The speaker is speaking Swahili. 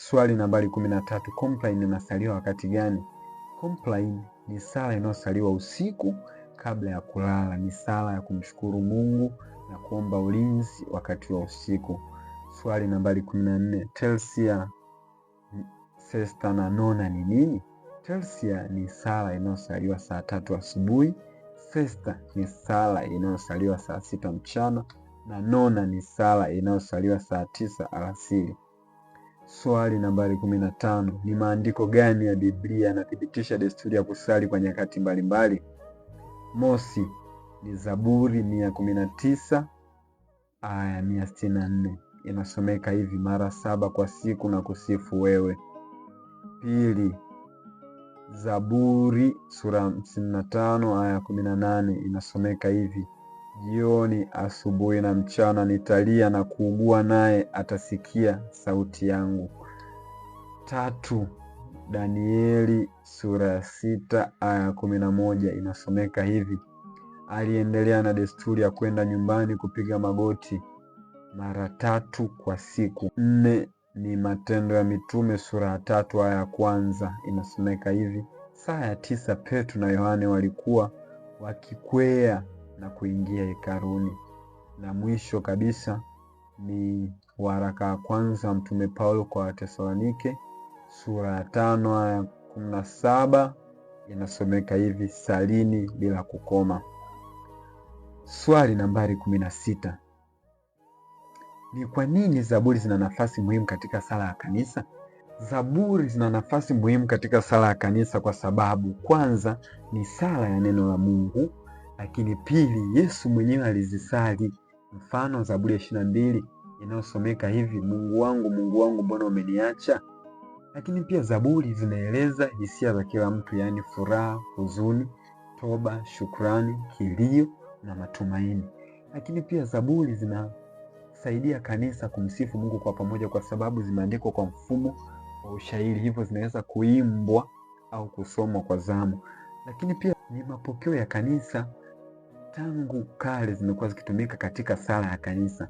Swali nambari 13, complain inasaliwa wakati gani? Complain ni sala inayosaliwa usiku kabla ya kulala. Ni sala ya kumshukuru Mungu na kuomba ulinzi wakati wa usiku. Swali nambari 14, Telsia Sesta na Nona ni nini? Telsia ni sala inayosaliwa saa tatu asubuhi. Sesta ni sala inayosaliwa saa sita mchana na Nona ni sala inayosaliwa saa tisa alasiri. Swali nambari 15 ni maandiko gani ya Biblia yanathibitisha desturi ya kusali kwa nyakati mbalimbali? Mosi ni Zaburi mia aya 164 inasomeka hivi, mara saba kwa siku na kusifu wewe. Pili, Zaburi sura 55 aya 18 inasomeka hivi Jioni, asubuhi na mchana nitalia na kuugua, naye atasikia sauti yangu. Tatu, Danieli sura ya sita aya ya kumi na moja inasomeka hivi: aliendelea na desturi ya kwenda nyumbani kupiga magoti mara tatu kwa siku. Nne ni Matendo ya Mitume sura ya tatu aya ya kwanza inasomeka hivi: saa ya tisa Petro na Yohane walikuwa wakikwea na kuingia hekaruni. Na mwisho kabisa ni waraka wa kwanza Mtume Paulo kwa Watesalonike sura ya tano aya kumi na saba inasomeka hivi: salini bila kukoma. Swali nambari kumi na sita ni kwa nini zaburi zina nafasi muhimu katika sala ya kanisa? Zaburi zina nafasi muhimu katika sala ya kanisa kwa sababu kwanza, ni sala ya neno la Mungu. Lakini pili, Yesu mwenyewe alizisali mfano Zaburi ya ishirini na mbili inayosomeka hivi, Mungu wangu, Mungu wangu, mbona umeniacha? Lakini pia Zaburi zinaeleza hisia za kila mtu, yaani furaha, huzuni, toba, shukrani, kilio na matumaini. Lakini pia Zaburi zinasaidia kanisa kumsifu Mungu kwa pamoja, kwa sababu zimeandikwa kwa mfumo wa ushairi, hivyo zinaweza kuimbwa au kusomwa kwa zamu. Lakini pia ni mapokeo ya kanisa tangu kale zimekuwa zikitumika katika sala ya kanisa.